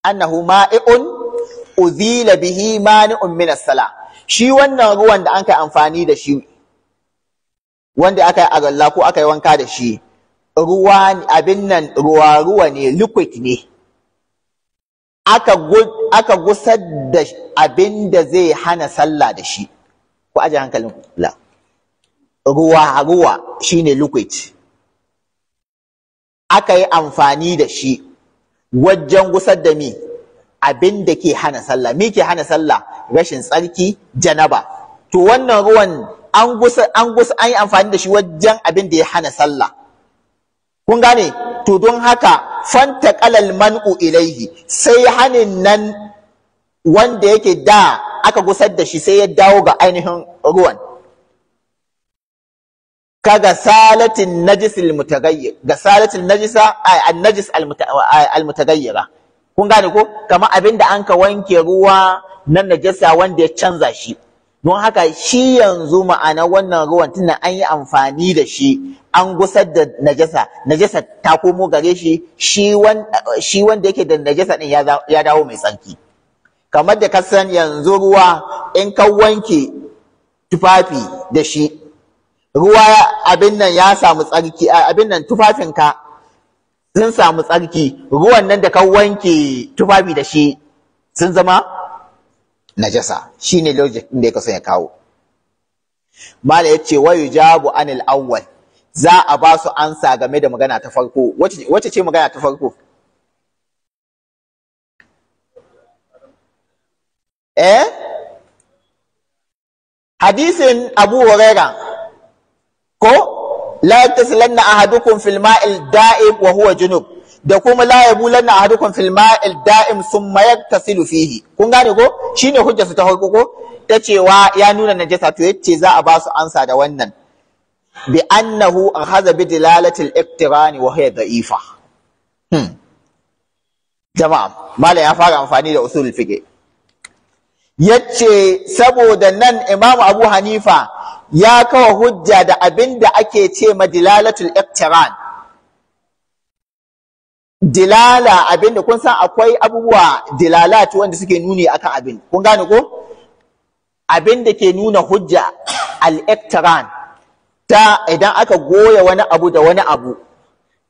Speaker 1: annahu ma'i'un uzila bihi mani'un min as-sala shi wannan ruwan da an kai amfani da shi wanda aka yi agalla ko aka yi wanka da shi ruwa abin nan ruwa ruwa ne liquid ne aka gusar da abin da zai hana sallah da shi ku aje hankalin la ruwa ruwa shine liquid aka yi amfani da shi wajen gusar da mi abin da ke hana sallah me ke hana sallah rashin tsarki janaba to wannan ruwan an gusa an gusa an yi amfani da shi wajen abin da ya hana sallah kun gane to don haka fanta qalal man'u ilaihi sai hanin nan wanda yake da aka gusar da shi sai ya dawo ga ainihin ruwan ka ga salatin najis almutaghayyir ga salatin najisa an najis almutaghayyira kun gane ko kamar abin da an ka wanke ruwa na najasa wanda ya canza shi don haka shi yanzu ma'ana wannan ruwan tunan an yi amfani da shi an gusar da najasa najasa ta komo gare shi shi wanda yake da najasa din ya dawo mai tsarki kamar da ka san yanzu ruwa in ka wanke tufafi da shi ruwa abin nan ya samu tsarki abin nan tufafinka sun samu tsarki ruwan nan da ka wanke tufafi da shi sun zama najasa shine logic din da yake son ya kawo mala yace wa yujabu anil awwal za a ba su ansa game da magana ta farko wacce ce magana ta farko eh hadisin abu huraira ko la tasallanna ahadukum fil ma'il da'ib wa huwa junub da kuma la yabulanna ahadukum fil sun da'im ta silu fihi kun gane ko Shi ne hujja su ta farko ko ta cewa ya nuna najasa to yace za a ba su ansa da wannan bi annahu akhadha bi dilalatil iqtirani wa hiya da'ifa hmm. jama'a malam ya fara amfani da usul fiqh yace saboda nan Imam Abu Hanifa ya kawo hujja da abin da ake ce ma dilalatul iqtiran dilala abin da kun san akwai abubuwa dilalati wanda suke nuni akan abin kun gane ko abin da ke nuna hujja al ta idan aka goya wani abu da wani abu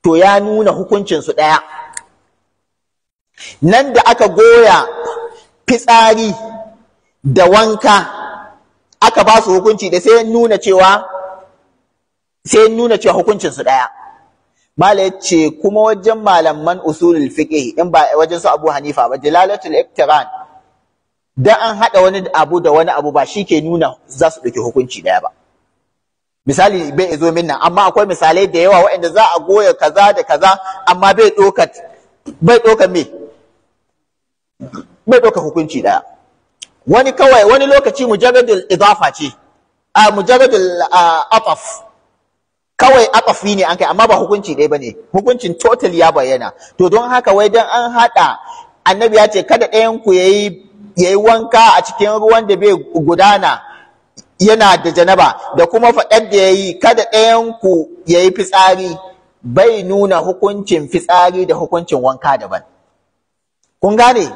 Speaker 1: to ya nuna hukuncin ɗaya. nan da aka goya fitsari da wanka aka ba su hukunci da sai nuna cewa sai nuna cewa hukuncin su daya mala ce kuma wajen malaman usulul fiqh in ba wajen su Abu Hanifa ba Jalalatul iqtiran dan an hada wani abu da wani abu ba shi ke nuna za su dauki hukunci daya ba misali bai izo min nan amma akwai misalai da yawa waɗanda za a goya kaza da kaza amma bai doka bai doka me bai doka hukunci daya. wani kawai wani lokaci mujarradul idafa ce a mujarradul ataf kawai akafi ne an kai amma ba hukunci ɗaya ne. hukuncin total ya bayyana to don haka wai dan an haɗa annabi ya ce kada ɗayan ku yayi yayi wanka a cikin ruwan da bai gudana yana da janaba da kuma faɗar da yayi kada ɗayan ku yayi fitsari bai nuna hukuncin fitsari da hukuncin wanka daban kun gane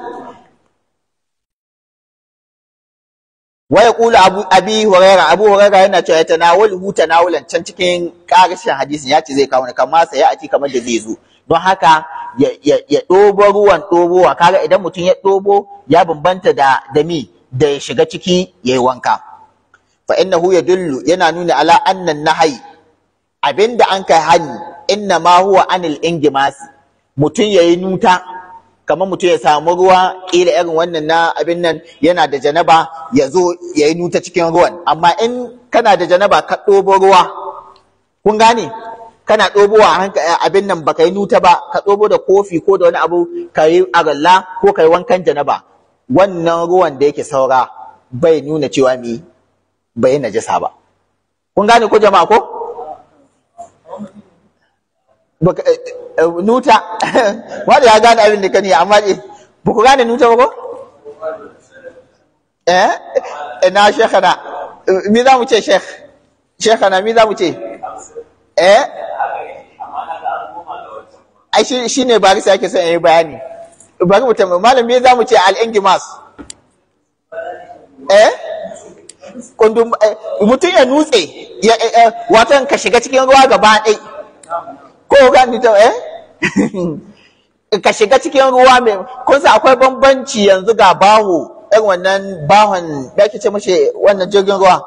Speaker 1: wa ya abu abi hurairah abu hurairah yana cewa yatanawalhu tanawulan can cikin karshen hadisin ya ce zai kawo ne kamar sai ya aci kamar da zai zo don haka ya dobo ruwan ɗobowa kaga idan mutum ya ɗobo ya bambanta da da da ya shiga ciki ya yi wanka fa innahu yadullu yana nuna ala annan nahai abinda an kai hani inna ma huwa anil ingimasi mutum yayi nuta kamar mutum ya samu ruwa ƙila irin wannan na abin nan yana da janaba ya zo ya yi nuta cikin ruwan amma in kana da janaba ka ɗobo ruwa kun gane kana ɗobo hanka eh, abin nan baka yi nuta ba ka ɗobo da kofi ko da wani abu ka yi aralla ko ka yi wankan janaba wannan ruwan da yake saura bai nuna cewa mi bai najasa ba kun gane ko jama'a ko Eh, eh, nuta [laughs] wanda ya gane abin da ka ne amma eh, ba ku gane nuta ba ko eh na shekhana mi za mu ce shekh shekhana mi za mu ce eh ai shi ne bari sai ake son yi bayani bari mu tambaye malam me za mu ce al-ingimas eh kundum mutum ya nutse watan ka shiga cikin ruwa gaba ɗaya ko gani ta eh [laughs] ka shiga cikin ruwa mai kun sa akwai bambanci yanzu ga baho ɗan wannan bahon da ake ce mashi wannan jirgin ruwa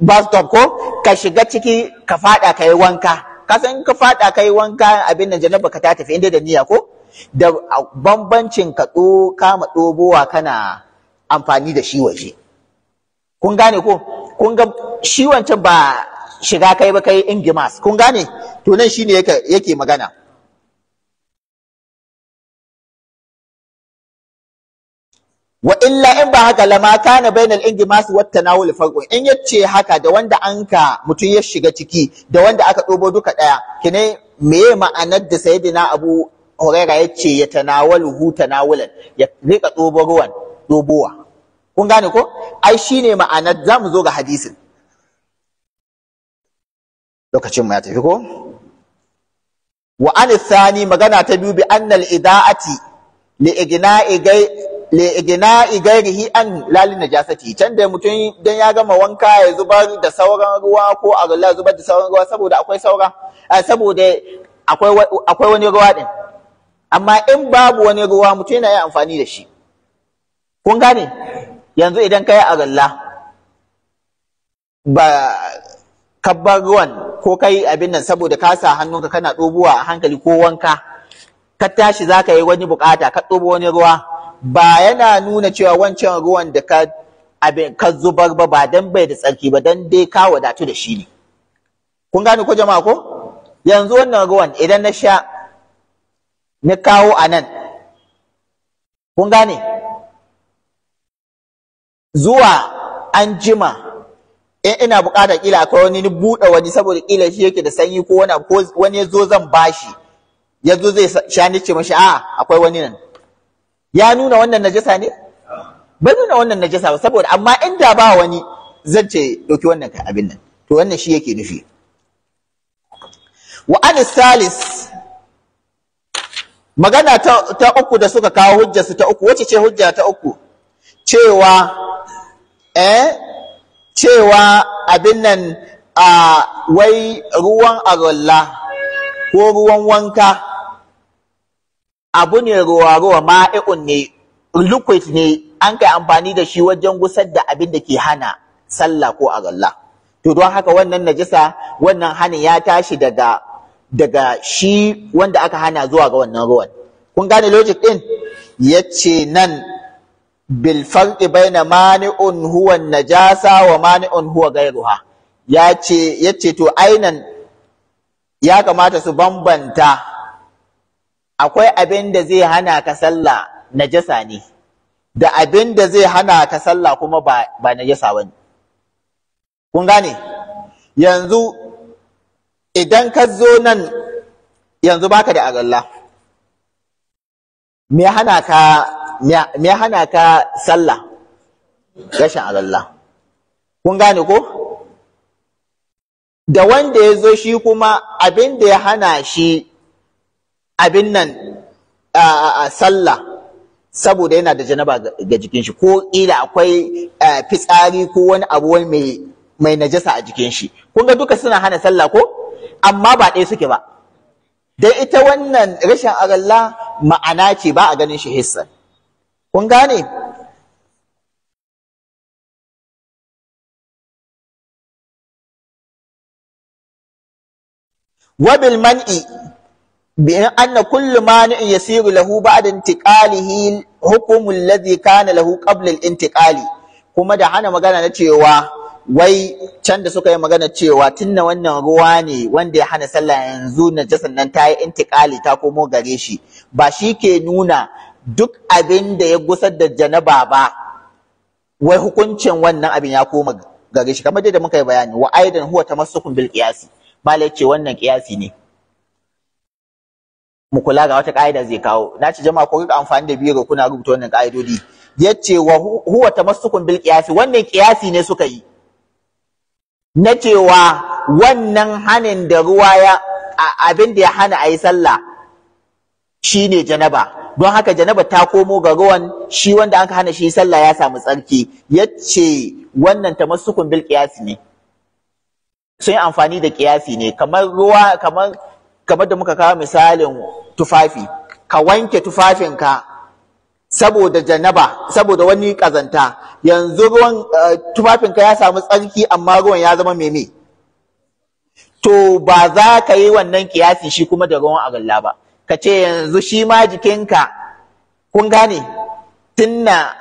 Speaker 1: bathtub ko ka shiga ciki ka fada ka yi wanka ka san ka fada ka wanka abin nan janaba ka ta tafi inda da niyya ko da bambancin ka kama ɗobowa kana amfani da shi waje kun gane ko kun ga shi wancan ba shiga kai ba kai ingimas kun gane to nan shine yake yake magana wa illa in ba haka lama kana bainal ingimas wat tanawul farqun in yace haka da wanda anka mutun ya shiga ciki da wanda aka dobo duka daya kine meye ma'anar da sayyidina abu huraira yace ya hu tanawulan ya rika dobo ruwan dobowa kun gane ko ai shine ma'anar zamu zo ga hadisin lokacin mu ya tafi ko wa Anis Sani magana ta biyu bi annal ida'ati li igna'i gai li igna'i gairihi an lalin najasati can da mutum dan ya gama wanka ya zubar da sauran ruwa ko a zubar da sauran ruwa saboda akwai saura eh, saboda akwai akwai wani ruwa din amma in babu wani ruwa mutum yana yin amfani da shi kun gane yanzu idan ka yi a ba kabbar ruwan ko kai abin nan saboda ka sa hannunka kana ɗobowa a hankali ko wanka ka tashi za ka yi wani bukata ka ɗobo wani ruwa ba yana nuna cewa wancan ruwan da ka abin ka zubar ba ba dan bai da tsarki ba dan dai ka wadatu da shi ne kun gane ko jama'a ko yanzu wannan ruwan idan na sha na kawo a nan kun gane zuwa an jima in ina buƙatar kila akwai wani ni buɗe wani saboda kila shi yake da sanyi ko wani ko wani yazo zan bashi yazo zai sha ni ce mashi a akwai wani nan ya nuna wannan najasa ne bai nuna wannan najasa ba saboda amma inda ba wani zan ce dauki wannan kai abin nan to wannan shi yake nufi wa an salis magana ta, ta uku da suka kawo hujjarsu ta uku wacce ce hujja ta uku cewa eh cewa abin nan a wai ruwan arolla ko ruwan wanka abu ne ruwa-ruwa ma'i'un ne liquid ne an kai amfani da shi wajen gusar da abin da ke hana sallah ko arolla to don haka wannan najisa wannan hana ya tashi daga daga shi wanda aka hana zuwa ga wannan ruwan kun gane logic din yace nan bilfarɗi bai na huwa na jasa wa mani'un huwa gairuha ya ce ya ce to ainan ya kamata su bambanta akwai abin da zai hana ka sallah jasa ne da abin da zai hana ka sallah kuma ba na jasa wani, kun gane yanzu idan ka zo nan yanzu baka da agalla me hana ka me hana ka sallah rashin alalla kun gane ko da wanda ya zo shi kuma abin da ya hana shi abin nan a sallah saboda yana da janaba ga jikin shi ko ila akwai fitsari ko wani abu mai mai najasa a jikin shi kun ga duka suna hana sallah ko amma ba ɗaya suke ba dai ita wannan rashin aralla ma'ana ce ba a ganin shi hissan kun gane wabil man'i bi anna kullu mani'in yasiru lahu ba'da intiqalihi hukumun lazi kana lahu qabla al kuma da hana magana na cewa wai can da suka yi magana cewa tunna wannan ruwa ne wanda ya hana sallah yanzu najasan nan ta yi intiqali ta komo gare shi ba shi ke nuna duk abin da ya gusar da janaba ba wai hukuncin wannan abin ya koma gare shi kamar da muka yi bayani wa aidan huwa tamassukun bil qiyasi malai ce wannan qiyasi ne mu kula ga wata ka'ida zai kawo na ce jama'a ko rika amfani da biro kuna rubuta wannan ka'idodi yace wa huwa tamassukun bil qiyasi wannan qiyasi ne suka yi na cewa wannan hanin da ruwa ya abin da ya hana a yi sallah ne janaba don haka janaba ta komo ga ruwan shi wanda aka hana shi sallah ya samu tsarki yace wannan ta tamassukun bil kiyasi ne sun yi amfani da qiyasi ne kamar ruwa kamar da muka kawo misalin tufafi ka wanke tufafinka saboda janaba saboda wani kazanta yanzu ruwan eh, tufafinka ya samu tsarki amma ruwan ya zama meme to ba za ka yi wannan kiyasi shi kuma da ruwan agalla ba ka ce yanzu shi ma jikinka kun gane tunna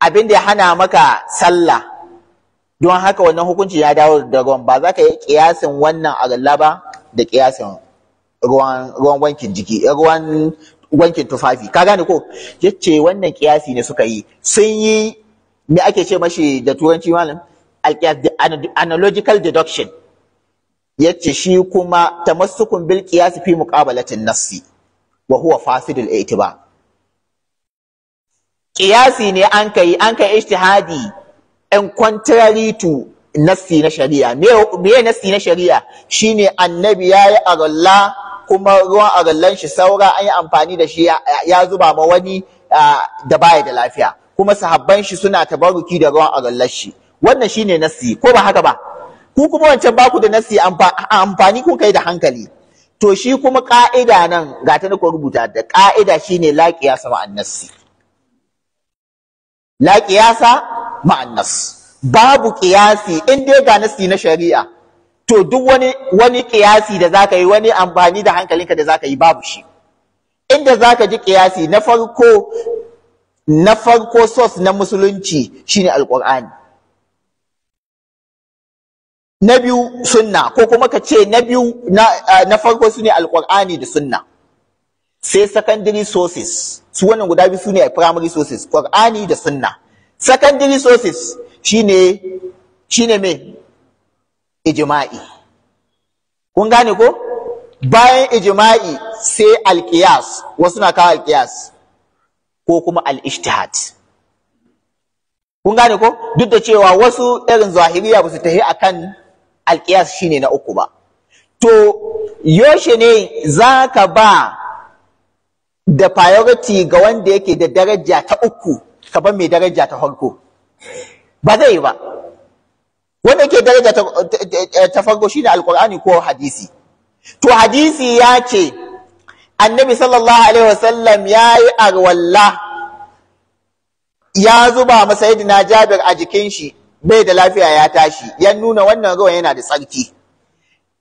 Speaker 1: abin da ya hana maka sallah don haka wannan hukunci ya dawo da ruwan ba za ka yi kiyasin wannan agalla ba da kiyasin ruwan wankin jiki eh, ruwan wankin tufafi ka gane ko yace wannan kiyasi ne suka yi sun yi me ake ce mashi da turanci malam analogical deduction yace shi kuma tamassukun bil qiyas fi muqabalatin nassi wa huwa fasidul i'tibar qiyasi ne an kai an kai ijtihadi in contrary to nassi na shari'a me me nassi na shari'a shine annabi yayi aralla kuma ruwan arallan shi saura an yi amfani da shi ya zuba ma wani da baya da lafiya kuma sahabban shi suna tabaruki da ruwan arallan shi wannan shine nassi ko ba haka ba ku kuma wancan baku da nasi amfani kun kai da hankali to shi kuma ka'ida nan ga ta nako rubuta da ka'ida shine la qiyasa ma'an nasi la qiyasa ma'an nas babu qiyasi in dai ga nasi na shari'a to duk wani wani qiyasi da zaka yi wani amfani da hankalinka da zaka yi babu shi inda zaka ji qiyasi na farko na farko source na musulunci shine alqur'ani na biyu sunna ko kuma ka ce na biyu na eh, farko su ne Alƙur'ani da sunna sai secondary sources su wannan guda biyu su ne primary sources Ƙur'ani da sunna secondary sources shine shine me ijma'i kun gane ko bayan ijma'i sai alƙiyas wasu na kawo alƙiyas ko kuma al-ijtihad kun gane ko duk da cewa wasu irin zahiriya ba su tafi akan alƙiyas ne na uku ba to yoshe ne za ka ba da priority ga wanda yake da daraja ta uku ka ba mai daraja ta farko ba zai ba wanda yake daraja ta farko ne alkur'ani ko hadisi to hadisi ya ce annabi sallallahu alaihi wasallam ya yi arwalla ya zuba masa yadda na jabir a jikin shi bai da lafiya ya tashi ya nuna wannan ruwan yana da tsarki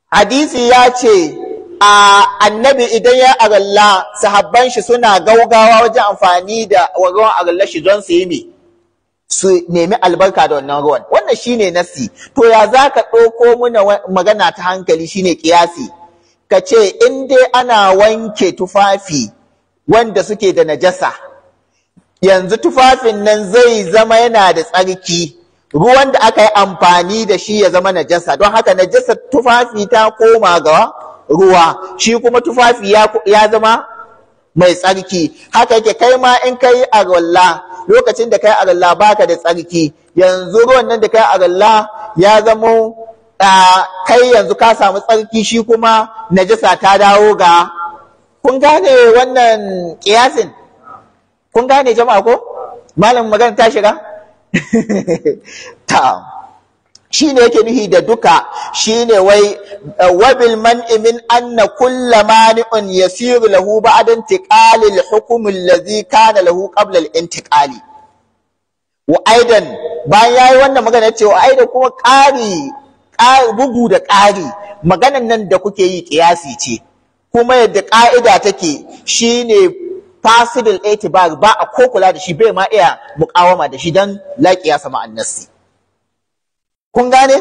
Speaker 1: hadisi ya ce a annabi idan ya aralla sahabban shi suna gaugawa wajen amfani da ruwan aralla shi don su yi me su nemi albarka da wannan ruwan wannan shi ne nasi to ya za ka ɗauko muna magana ta hankali shi ne kiyasi ka ce in dai ana wanke tufafi wanda suke da najasa yanzu tufafin nan zai zama yana da tsarki ruwan da aka yi amfani da shi ya zama najasa don haka najasa tufafi ta koma ga ruwa shi kuma tufafi ya zama mai tsarki haka yake kai ma in kai arwalla lokacin da kai ba baka da tsarki yanzu ruwan nan da kai arwalla ya zama kai yanzu ka samu tsarki shi kuma najasa ta dawo ga kun gane wannan kiyasin kun gane jama'a ko malamin magana ta shiga [laughs] ta shi ne yake nuhi da duka shi ne wai uh, wabil man imin anna kulla mani'un yasiru lahu ba'dan hukumin Lazika na kana lahu qabla al-intiqali wa aidan bayan yayi wannan magana ce wa aidan kuma ƙari bugu da ƙari maganan nan da kuke yi ƙiyasi ce kuma yadda ƙa'ida take shine fasidul itibar ba a ko kula da shi bai ma iya mukawama da shi dan ya sama annasi kun gane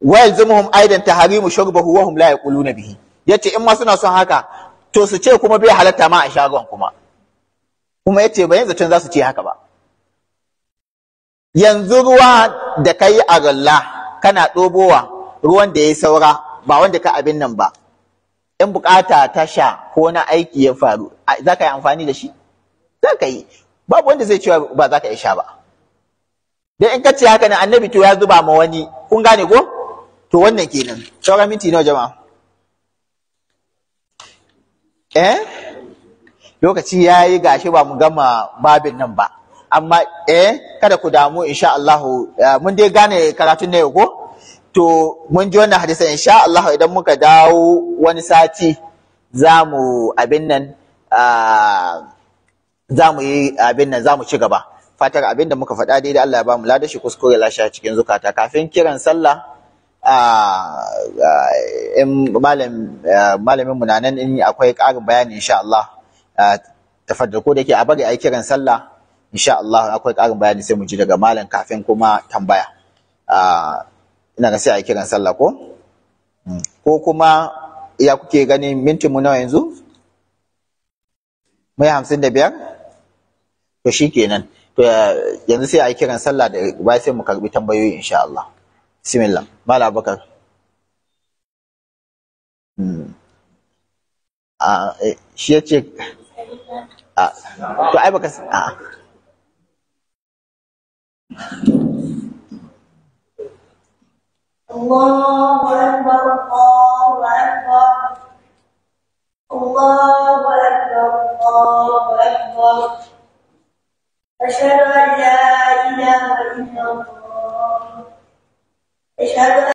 Speaker 1: wa yalzumuhum aidan taharimu shurbahu wa hum la na bihi yace in ma suna son haka to su ce kuma bai halatta ma a shagon kuma kuma yace bayan yanzu za su ce haka ba yanzu ruwa da kai a ralla kana ɗobowa ruwan da ya saura ba wanda ka abin nan ba in bukata ta sha ko na aiki ya faru za ka yi amfani da shi za ka yi babu wanda zai cewa ba za ka yi sha ba dan in ka ce haka ne annabi to ya zuba ma wani kun gane ko to wannan kenan sauran minti nawa jama'a eh lokaci yayi gashi ba mu gama babin nan ba amma eh kada ku damu insha Allah eh, mun dai gane karatun ne ko to mun ji wannan hadisan insha Allah idan muka dawo wani sati za mu abin nan za yi abin nan za mu ci gaba fatar abin da muka faɗa dai da Allah ya ba mu ladashi kuskure lashe cikin zukata kafin kiran sallah in malamin mu nan in akwai ƙarin bayani insha Allah tafaddal ko da yake a bari a yi kiran sallah insha Allah akwai ƙarin bayani sai mu ji daga malam kafin kuma tambaya ina ga sai a yi kiran sallah ko hmm. ko kuma ya kuke gani minti mu nawa yanzu mai hamsin da biyar to shi kenan to eh, yanzu sai a yi kiran sallah da ba sai mu karbi tambayoyi insha Allah bismillah mala abakar hmm. a eh, shi ya ce a to ai baka a الله أكبر الله أكبر أشهد أن لا إله إلا الله أشهد